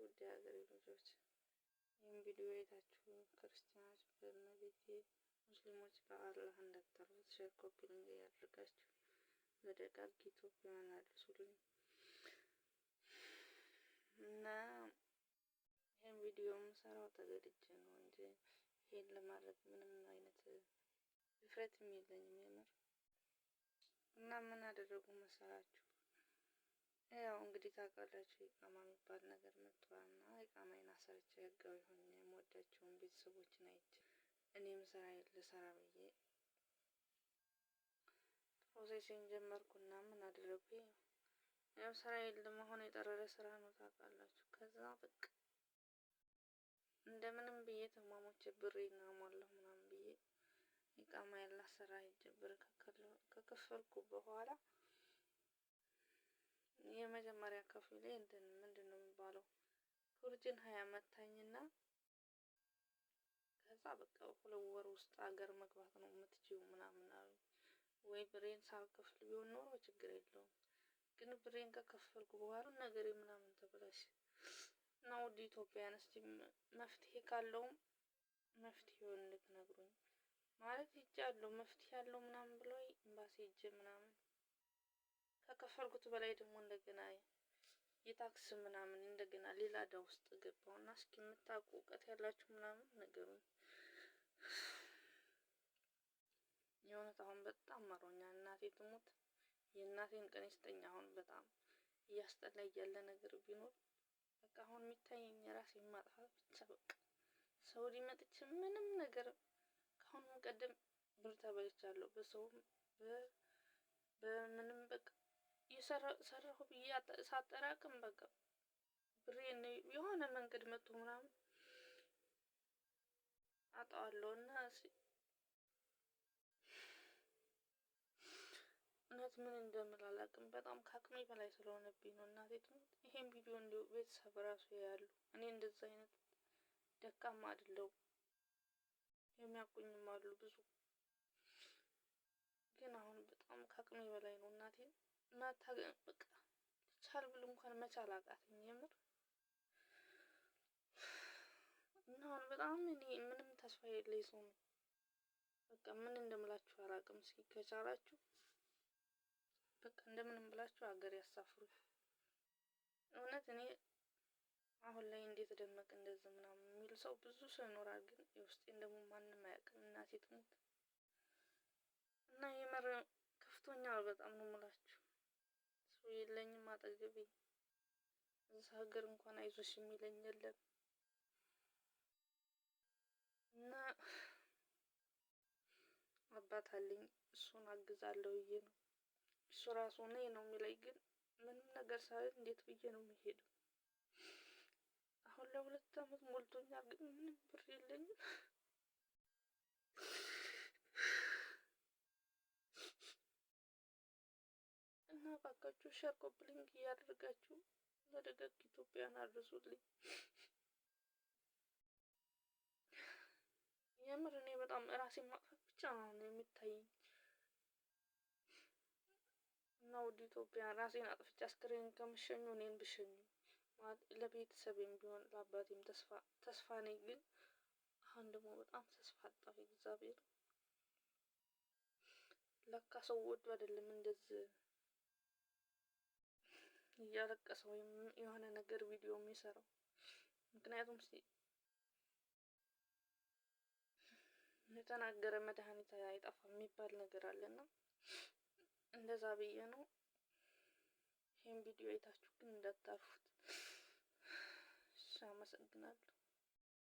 ናችሁ ውድ የሀገሬ ልጆች ይህም ቪዲዮ የታችሁ ክርስቲያኖች በእመቤቴ ሙስሊሞች በአላህ እንዳትጠሩት ሼር ኮፒ ሊንክ እያደረጋችሁ በደጋግ ኢትዮጵያውያን አድርሱልኝ እና ይህም ቪዲዮ የምሰራው ተገድጄ ነው እንጂ ይህን ለማድረግ ምንም አይነት ድፍረትም የለኝም የምር እና ምን አደረጉ መሰላችሁ ያው እንግዲህ ታውቃላችሁ ኢቃማ የሚባል ነገር መጥቷልና ኢቃማዬን አሰርቼ ህጋዊ ሆኜ የምወዳቸውን ቤተሰቦችን አይቼ እኔም ስራ ልሰራ ብዬ ፕሮሴሲን ጀመርኩና ምን አደረጉኝ? ያው ስራ ለመሆን የጠረረ ስራ ነው ታውቃላችሁ። ከዛ በቃ እንደምንም ብዬ ተማሞች ብር ይናሟለሁ ምናምን ብዬ ኢቃማ ያላሰራ ሂጅ ብር ከከፈልኩ በኋላ የመጀመሪያ ክፍል ላይ ምንድን ነው የሚባለው ቱርጅን ሀያ መታኝና ከዛ በቃ ሁለት ወር ውስጥ ሀገር መግባት ነው የምትችይው ምናምን አሉ። ወይ ብሬን ሳልከፍል ቢሆን ኖሮ ችግር የለውም ግን ብሬን ከከፈልኩ በኋላ ነገሬ ምናምን ተበላሽ እና ወደ ኢትዮጵያን እስቲ መፍትሄ ካለውም መፍትሄውን ልትነግሩኝ ማለት ሂጅ አለው መፍትሄ አለው ምናምን ብሎ ኤምባሲ ሂጅ ምናምን ከከፈልኩት በላይ ደግሞ እንደገና የታክስ ምናምን እንደገና ሌላ እዳ ውስጥ እና እስኪ የምታውቁ እውቀት ያላችሁ ምናምን ነገሩን የእውነት አሁን በጣም መሮኛ። እናቴ ትሙት የእናቴን ቀን ይስጠኝ። አሁን በጣም እያስጠላ ያለ ነገር ቢኖር በቃ አሁን የሚታየኝ የራሴ ማጥፋት ብቻ በቃ ሰው ሊመጥች ምንም ነገር ከአሁን ቀደም ብር ተበልቻለሁ በሰውም በምንም በቃ የሰራሁ ብዬ ሳጠራቅም በቃ ብሬን የሆነ መንገድ መጥቶ ምናምን አጣዋለሁ እና እውነት ምን እንደምል አላውቅም። በጣም ከአቅሜ በላይ ስለሆነብኝ ነው። እናቴ ትምህርት ይሄን ቪዲዮ እንዲሁ ቤተሰብ ራሱ ያሉ እኔ እንደዛ አይነት ደካማ አይደለው የሚያቆኝም አሉ ብዙ፣ ግን አሁን በጣም ከአቅሜ በላይ ነው እናቴ ቻል ብሎ እንኳን መቻል አቃተኝ የምር እና አሁን በጣም እኔ ምንም ተስፋ የለኝ ሰው ነው። በቃ ምን እንደምላችሁ አላውቅም። እስኪ ከቻላችሁ በቃ እንደምንም ብላችሁ ሀገር ያሳፍሩ። እውነት እኔ አሁን ላይ እንዴት ደመቅ እንደዚህ ምናምን የሚል ሰው ብዙ ሰው ይኖራል፣ ግን የውስጤን ደግሞ ማንም አያውቅም። እናቴ ትሙት እና የመረ ከፍቶኛል በጣም ነው የምላችሁ የለኝም አጠገቤ። እዚህ ሀገር እንኳን አይዞሽ የሚለኝ የለም እና አባት አለኝ እሱን አግዛለሁ ብዬ ነው። እሱ ራሱ ነይ ነው የሚለኝ፣ ግን ምንም ነገር ሳይል እንዴት ብዬ ነው የሚሄደው? አሁን ለሁለት አመት ሞልቶኛል፣ ግን ምንም ብር የለኝም። እባካችሁ ሸር ኮፒ ሊንክ እያደረጋችሁ ለደጋግ ኢትዮጵያን አድርሱልኝ። የምር እኔ በጣም ራሴን ማጥፋት ብቻ ነው የሚታየኝ እና ውድ ኢትዮጵያ ራሴን አጥፍቼ አስክሬን ከምሸኙ እኔን ብሸኙ ለቤተሰቤም ቢሆን ለአባቴም ተስፋ ተስፋ ነኝ። ግን አሁን ደግሞ በጣም ተስፋ አጣሁ። እግዚአብሔር ለካ ሰው ወዱ አይደለም እንደዚህ እያለቀሰ ወይም የሆነ ነገር ቪዲዮ የሚሰራው ምክንያቱም የተናገረ መድኃኒት አይጠፋም የሚባል ነገር አለና እንደዛ ብዬ ነው። ይህን ቪዲዮ አይታችሁ ግን እንዳታርፉት። አመሰግናለሁ።